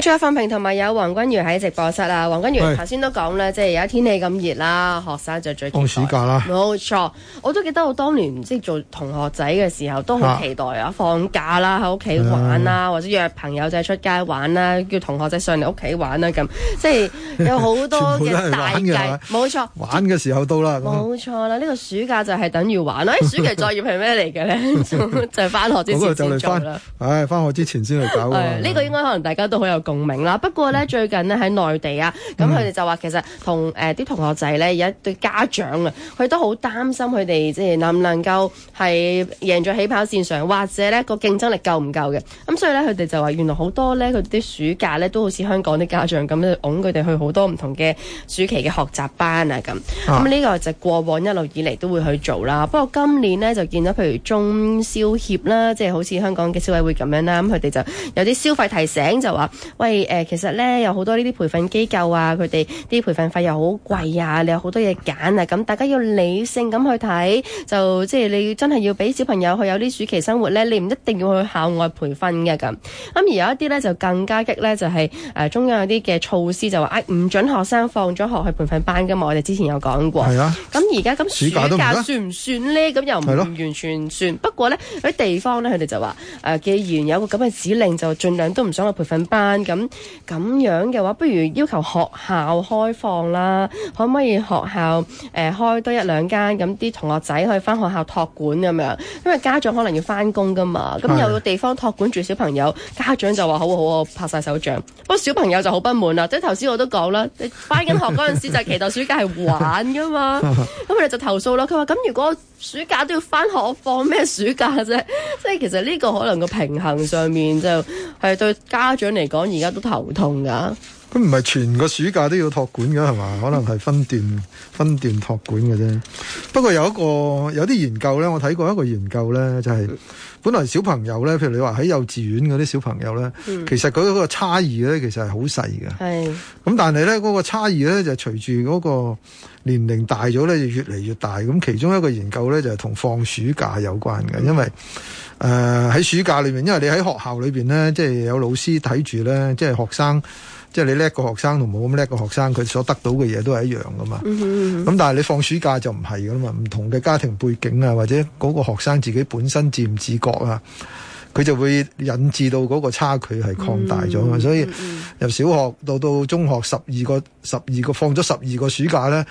再阿范平同埋有黃君如喺直播室啦。黃君如頭先都講啦，即係而家天氣咁熱啦，學生就最中意放暑假啦。冇錯，我都記得我當年即係做同學仔嘅時候，都好期待啊放假啦，喺屋企玩啦，或者約朋友仔出街玩啦，叫同學仔上嚟屋企玩啦，咁即係有好多嘅大計。冇錯、啊，玩嘅時候到啦。冇錯啦，呢、這個暑假就係等於玩啦、 哎。暑期作業係咩嚟嘅咧？ 就係 翻、哎、學之前啦。唉、哎，翻學之前先去搞啊。呢、這個應該可能大家都好有。共鳴啦，不過咧最近咧喺內地啊，咁佢哋就話其實同誒啲、呃、同學仔咧有一對家長啊，佢都好擔心佢哋即係能唔能夠係贏在起跑線上，或者咧個競爭力夠唔夠嘅，咁所以咧佢哋就話原來好多咧佢啲暑假咧都好似香港啲家長咁，㧬佢哋去好多唔同嘅暑期嘅學習班啊咁。咁呢個就過往一路以嚟都會去做啦。不過今年咧就見到譬如中消協啦，即係好似香港嘅消委會咁樣啦，咁佢哋就有啲消費提醒就話。喂、呃，其實咧有好多呢啲培訓機構啊，佢哋啲培訓費又好貴啊，你有好多嘢揀啊，咁大家要理性咁去睇，就即係你真係要俾小朋友去有啲暑期生活咧，你唔一定要去校外培訓嘅咁。咁而有一啲咧就更加激咧，就係、是呃、中央有啲嘅措施就話，誒、哎、唔准學生放咗學去培訓班噶嘛，我哋之前有講過。係啊。咁而家咁暑假都唔得算唔算咧？咁又唔完全算。不過咧，有啲地方咧，佢哋就話、呃、既然有個咁嘅指令，就儘量都唔想去培訓班。咁咁樣嘅話，不如要求學校開放啦，可唔可以學校誒、呃、開多一兩間？咁啲同學仔可以翻學校託管咁樣，因為家長可能要翻工噶嘛。咁有個地方託管住小朋友，家長就話「好，好，我拍晒手掌。」不過小朋友就好不滿啦，即係頭先我都講啦，你翻緊學嗰陣時就期待暑假係玩噶嘛，咁佢哋就投訴啦。佢話咁如果暑假都要翻學，我放咩暑假啫？即係其實呢個可能個平衡上面就係對家長嚟講。而家都頭痛㗎，佢唔係全個暑假都要託管㗎係嘛？係 可能係分段分段託管嘅啫。不過有一個有啲研究呢，我睇過一個研究呢，就係、係、本來小朋友呢，譬如你話喺幼稚園嗰啲小朋友呢，嗯、其實佢個差異呢，其實係好細㗎。係。咁、嗯、但係呢，嗰、嗰個差異呢，就係、隨住嗰、嗰個。年齡大咗咧，越嚟越大。咁其中一個研究咧，就同放暑假有關嘅。因為誒喺、呃、暑假裏面，因為你喺學校裏邊咧，即係有老師睇住咧，即係學生，即係你叻個學生同冇咁叻個學生，佢所得到嘅嘢都係一樣噶嘛。咁、mm-hmm. 但係你放暑假就唔係噶嘛，唔同嘅家庭背景啊，或者嗰個學生自己本身自唔自覺啊，佢就會引致到嗰個差距係擴大咗、mm-hmm. 所以由小學到到中學十二個十二個放咗十二個暑假咧。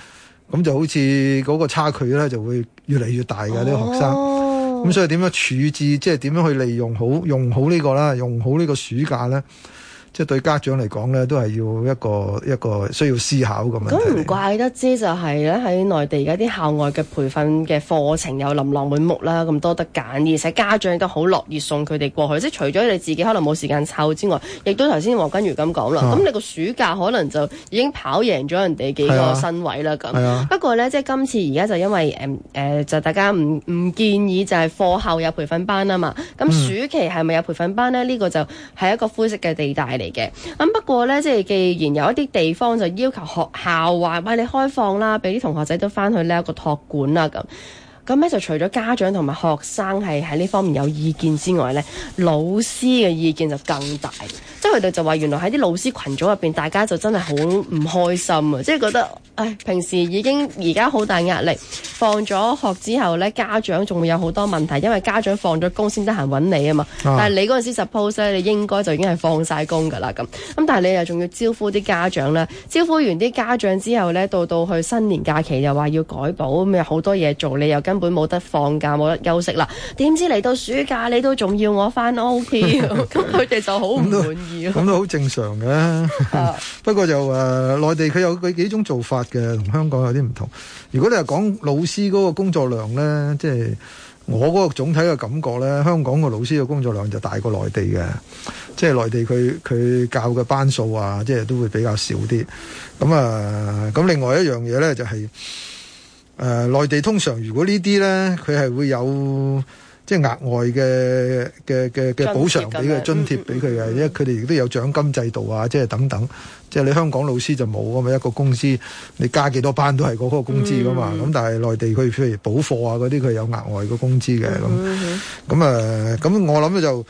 咁就好似嗰個差距咧，就會越嚟越大嘅啲學生。咁、哦、所以點樣處置，即係點樣去利用好，用好呢個啦，用好呢個暑假咧。即係對家長嚟講咧，都係要一個一個需要思考咁樣。咁唔怪得知就係咧，喺內地而家啲校外嘅培訓嘅課程又琳琅滿目啦，咁多得揀，而且家長都好樂意送佢哋過去。即係除咗你自己可能冇時間湊之外，亦都頭先黃君如咁講啦。咁、啊、你個暑假可能就已經跑贏咗人哋幾個身位啦。咁、啊啊、不過咧，即係今次而家就因為誒、呃呃、就大家唔唔建議就係課後有培訓班啊嘛。咁暑期係咪有培訓班咧？呢、嗯這個就係一個灰色嘅地帶嚟。嘅咁 不過呢，即係既然有一啲地方就要求學校話，喂，你開放啦，俾啲同學仔都翻去呢一個託管啦咁。咁咧就除咗家長同埋學生係喺呢方面有意見之外咧，老師嘅意見就更大，即係佢哋就話原來喺啲老師群組入邊，大家就真係好唔開心啊！即係覺得，唉，平時已經而家好大壓力，放咗學之後咧，家長仲會有好多問題，因為家長放咗工先得閒揾你啊嘛。啊但係你嗰陣時 suppose 咧，你應該就已經係放晒工噶啦咁，咁但係你又仲要招呼啲家長啦，招呼完啲家長之後咧，到到去新年假期又話要改補咁，又好多嘢做，你又根本冇得放假，冇得休息啦。點知嚟到暑假，你都仲要我翻屋企，咁佢哋就好唔滿意。咁都好正常嘅。不過就誒，內地佢有佢幾種做法嘅，同香港有啲唔同。如果你係講老師嗰個工作量咧，即係我嗰個總體嘅感覺咧，香港個老師嘅工作量就大過內地嘅。即係內地佢佢教嘅班數啊，即係都會比較少啲。咁啊，咁另外一樣嘢咧就係。誒、呃，內地通常如果呢啲咧，佢係會有即係、就是、額外嘅嘅嘅嘅補償俾佢津貼俾佢嘅，因為佢哋亦都有獎金制度啊，即、就、係、是、等等。即、就、係、是、你香港老師就冇啊嘛，一個公司，你加幾多班都係嗰個工資噶嘛。咁、嗯、但係內地佢譬如補課啊嗰啲，佢有額外嘅工資嘅咁。咁、嗯、啊，咁、嗯嗯嗯嗯嗯呃、我諗就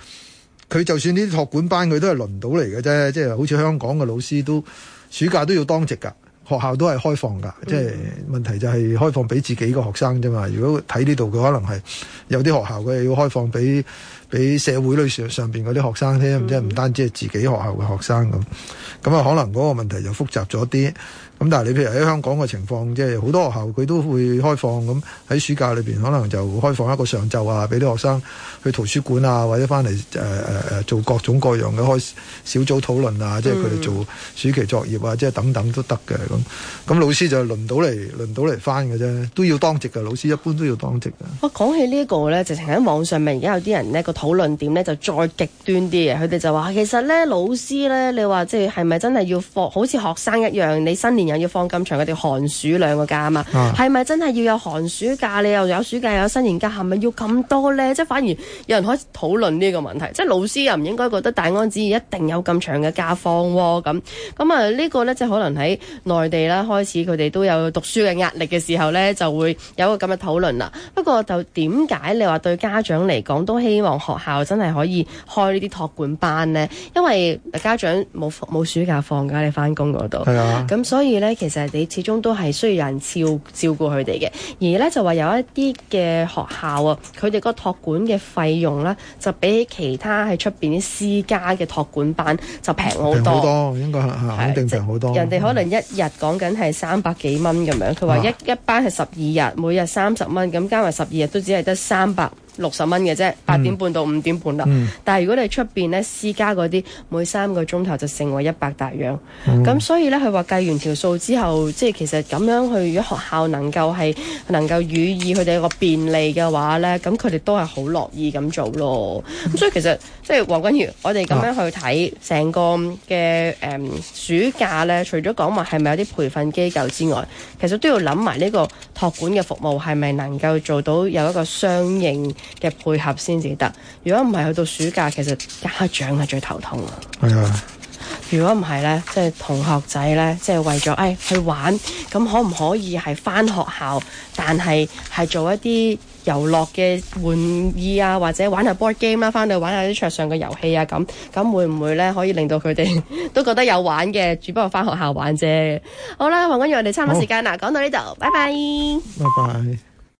佢就算呢啲託管班，佢都係輪到嚟嘅啫。即、就、係、是、好似香港嘅老師都暑假都要當值㗎。學校都係開放㗎，即係問題就係開放俾自己個學生啫嘛。如果睇呢度，佢可能係有啲學校佢要開放俾。俾社會裏上上邊嗰啲學生聽、嗯，即係唔單止係自己學校嘅學生咁，咁啊可能嗰個問題就複雜咗啲。咁但係你譬如喺香港嘅情況，即係好多學校佢都會開放咁喺暑假裏面，可能就開放一個上晝啊，俾啲學生去圖書館啊，或者翻嚟、呃、做各種各樣嘅開小組討論啊，即係佢哋做暑期作業啊，即係等等都得嘅咁。咁老師就輪到嚟輪到嚟翻嘅啫，都要當值嘅老師，一般都要當值嘅。我講起呢、這個呢，直情喺網上面，而家有啲人呢。個。討論點呢？就再極端啲嘅，佢哋就話其實呢，老師呢，你話即係係咪真係要放好似學生一樣，你新年又要放咁長嘅寒暑兩個假嘛？啊，係咪真係要有寒暑假？你又有暑假，又有，暑假有新年假，係咪要咁多呢？即係反而有人開始討論呢個問題，即係老師又唔應該覺得大安旨意一定有咁長嘅假放喎咁。咁啊呢、呢個呢，即係可能喺內地啦，開始佢哋都有讀書嘅壓力嘅時候呢，就會有個咁嘅討論啦。不過就點解你話對家長嚟講都希望寒學校真係可以開呢啲托管班呢？因為家長冇冇暑假放假，你翻工嗰度，咁所以呢，其實你始終都係需要有人照照顧佢哋嘅。而呢，就話有一啲嘅學校啊，佢哋個托管嘅費用呢，就比其他喺出邊啲私家嘅托管班就平好多。平好多，應該肯定平好多。人哋可能一日講緊係三百幾蚊咁樣，佢、啊、話一一班係十二日，每日三十蚊，咁加埋十二日都只係得三百。六十蚊嘅啫，八點半到五點半啦、嗯。但係如果你出邊咧私家嗰啲，每三個鐘頭就成為一百大洋，咁、嗯、所以咧，佢話計完條數之後，即係其實咁樣去，如果學校能夠係能夠予以佢哋一個便利嘅話咧，咁佢哋都係好樂意咁做咯。咁、嗯、所以其實即係黃君如，我哋咁樣去睇成、啊、個嘅誒、嗯、暑假咧，除咗講話係咪有啲培訓機構之外，其實都要諗埋呢個托管嘅服務係咪能夠做到有一個相應嘅配合先至得，如果唔係去到暑假，其實家長係最頭痛啦。係啊，如果唔係呢，即係同學仔呢，即係為咗誒、哎、去玩，咁可唔可以係翻學校，但係係做一啲遊樂嘅玩意啊，或者玩下 board game 啦，翻到去玩下啲桌上嘅遊戲啊，咁咁、啊、會唔會呢？可以令到佢哋都覺得有玩嘅，只不過翻學校玩啫。好啦，黃君陽，我哋差唔多時間啦，講到呢度，拜拜，拜拜。